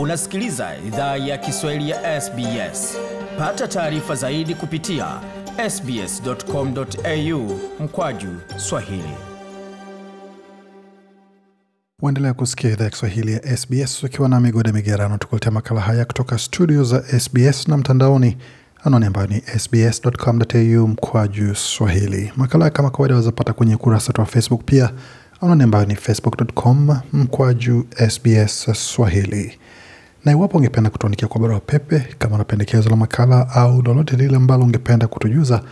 Unasikiliza idhaa ya Kiswahili ya SBS. Pata taarifa zaidi kupitia sbs.com.au mkwaju swahili. Waendelea kusikia idhaa ya Kiswahili ya SBS ukiwa na migode migerano, tukuletea makala haya kutoka studio za SBS na mtandaoni anaoni ambayo ni sbs.com.au mkwaju swahili. Makala kama kawaida wazapata kwenye ukurasa wetu wa Facebook, pia anaoni ambayo ni facebook.com mkwaju sbs swahili na iwapo ungependa kutuandikia kwa barua pepe, kama na pendekezo la makala au lolote lile ambalo ungependa kutujuza,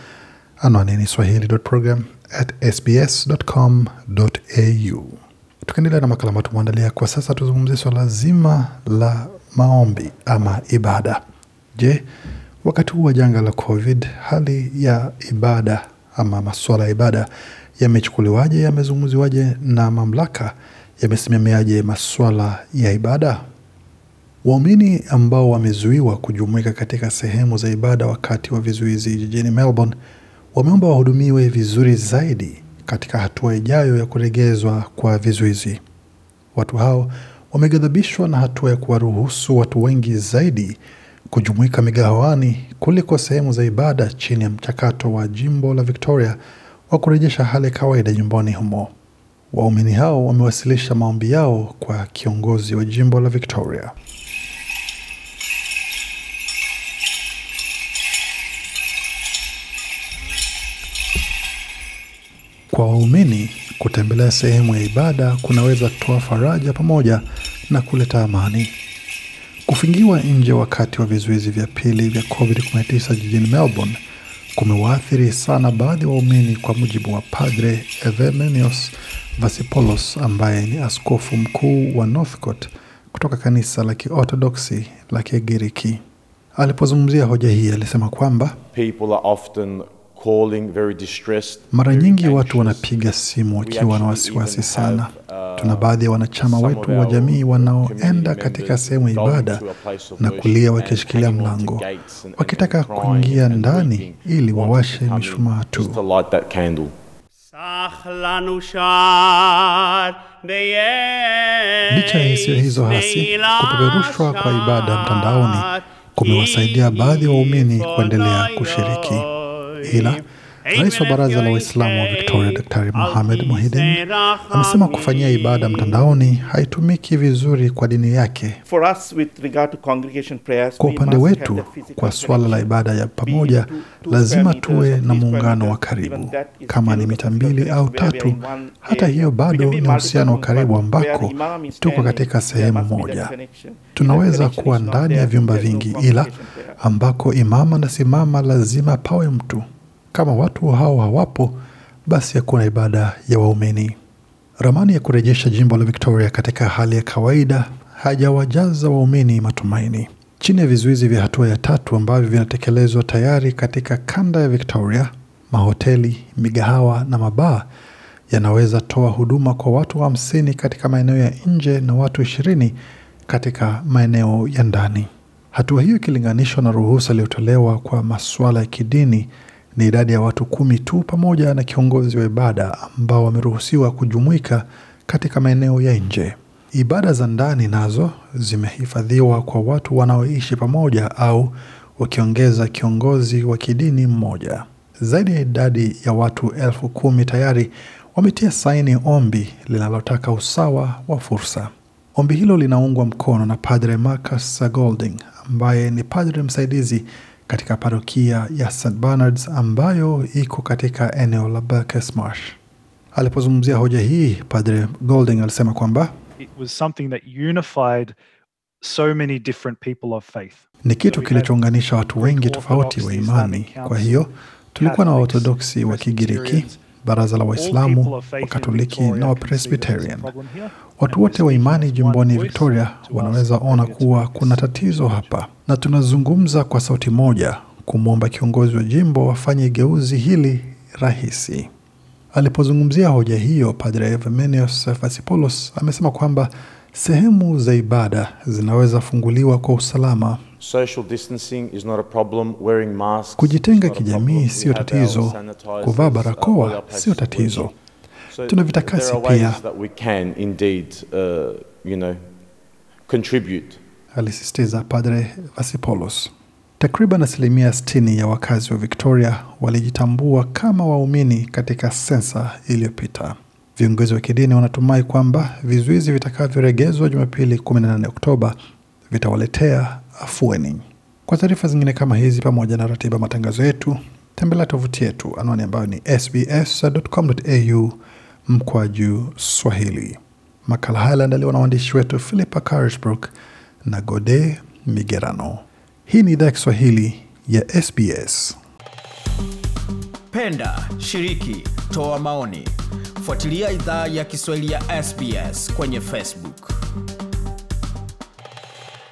anwani ni swahili.program@sbs.com.au. Tukiendelea na makala ambayo tumeandalia kwa sasa, tuzungumzie swala zima la maombi ama ibada. Je, wakati huu wa janga la COVID, hali ya ibada ama masuala ya ibada yamechukuliwaje, yamezungumziwaje, na mamlaka yamesimamiaje masuala ya ibada? Waumini ambao wamezuiwa kujumuika katika sehemu za ibada wakati wa vizuizi jijini Melbourne wameomba wahudumiwe vizuri zaidi katika hatua ijayo ya kuregezwa kwa vizuizi. Watu hao wameghadhabishwa na hatua ya kuwaruhusu watu wengi zaidi kujumuika migahawani kuliko sehemu za ibada chini ya mchakato wa jimbo la Victoria wa kurejesha hali ya kawaida jimboni humo. Waumini hao wamewasilisha maombi yao kwa kiongozi wa jimbo la Victoria. Kwa waumini, kutembelea sehemu ya ibada kunaweza kutoa faraja pamoja na kuleta amani. Kufungiwa nje wakati wa vizuizi vya pili vya COVID-19 jijini Melbourne kumewaathiri sana baadhi ya waumini, kwa mujibu wa Padre Evemenios Vasipolos ambaye ni askofu mkuu wa Northcote kutoka kanisa la Kiorthodoksi la Kigiriki. Alipozungumzia hoja hii, alisema kwamba mara nyingi watu wanapiga simu wakiwa na wasiwasi sana. Uh, Tuna baadhi ya wanachama wetu wa jamii wanaoenda katika sehemu ya ibada na kulia wakishikilia mlango, wakitaka kuingia ndani ili wawashe mishumaa tu. Licha ya hisio hizo hasi, kupeperushwa kwa ibada mtandaoni kumewasaidia baadhi ya waumini kuendelea kushiriki ila rais wa baraza la Waislamu wa Victoria, Daktari muhamed Muhidin amesema kufanyia ibada mtandaoni haitumiki vizuri kwa dini yake. Kwa upande wetu, kwa suala la ibada ya pamoja, lazima tuwe na muungano wa karibu, kama ni mita mbili au tatu. Hata hiyo bado ni uhusiano wa karibu, ambako tuko katika sehemu moja. Tunaweza kuwa ndani ya vyumba vingi, ila ambako imama na simama lazima pawe mtu. Kama watu hao hawapo, basi hakuna ibada ya waumini. Ramani ya kurejesha jimbo la Victoria katika hali ya kawaida hajawajaza waumini matumaini. Chini ya vizuizi vya hatua ya tatu ambavyo vinatekelezwa tayari katika kanda ya Victoria, mahoteli, migahawa na mabaa yanaweza toa huduma kwa watu hamsini katika maeneo ya nje na watu ishirini katika maeneo ya ndani. Hatua hiyo ikilinganishwa na ruhusa iliyotolewa kwa masuala ya kidini ni idadi ya watu kumi tu pamoja na kiongozi wa ibada ambao wameruhusiwa kujumuika katika maeneo ya nje. Ibada za ndani nazo zimehifadhiwa kwa watu wanaoishi pamoja au wakiongeza kiongozi wa kidini mmoja. Zaidi ya idadi ya watu elfu kumi tayari wametia saini ombi linalotaka usawa wa fursa. Ombi hilo linaungwa mkono na Padre Marcus golding ambaye ni padre msaidizi katika parokia ya St Bernards ambayo iko katika eneo la Berkesmarsh. Alipozungumzia hoja hii, Padre Golding alisema kwamba It was something that unified so many different people of faith. Ni kitu kilichounganisha watu wengi tofauti wa imani. Kwa hiyo tulikuwa na Waorthodoksi wa Kigiriki baraza la Waislamu, Wakatoliki na Wapresbiterian. Watu wote wa imani jimboni Victoria wanaweza ona kuwa kuna tatizo hapa, na tunazungumza kwa sauti moja kumwomba kiongozi wa jimbo afanye geuzi hili rahisi. Alipozungumzia hoja hiyo, Padre Evmenios Fasipolos amesema kwamba sehemu za ibada zinaweza funguliwa kwa usalama Kujitenga kijamii siyo tatizo, kuvaa uh, barakoa sio tatizo. Tuna vitakasi pia. Alisisitiza Padre vasipolos Takriban asilimia 60 ya wakazi wa Victoria walijitambua kama waumini katika sensa iliyopita. Viongozi wa kidini wanatumai kwamba vizuizi vitakavyoregezwa Jumapili 18 Oktoba vitawaletea afueni. Kwa taarifa zingine kama hizi pamoja na ratiba matangazo yetu, tembelea tovuti yetu, anwani ambayo ni sbs.com.au mkwaju swahili. Makala haya yaliandaliwa na waandishi wetu Philippa Carisbrook na Gode Migerano. Hii ni idhaa ya Kiswahili ya SBS. Penda, shiriki, toa maoni, fuatilia idhaa ya Kiswahili ya SBS kwenye Facebook.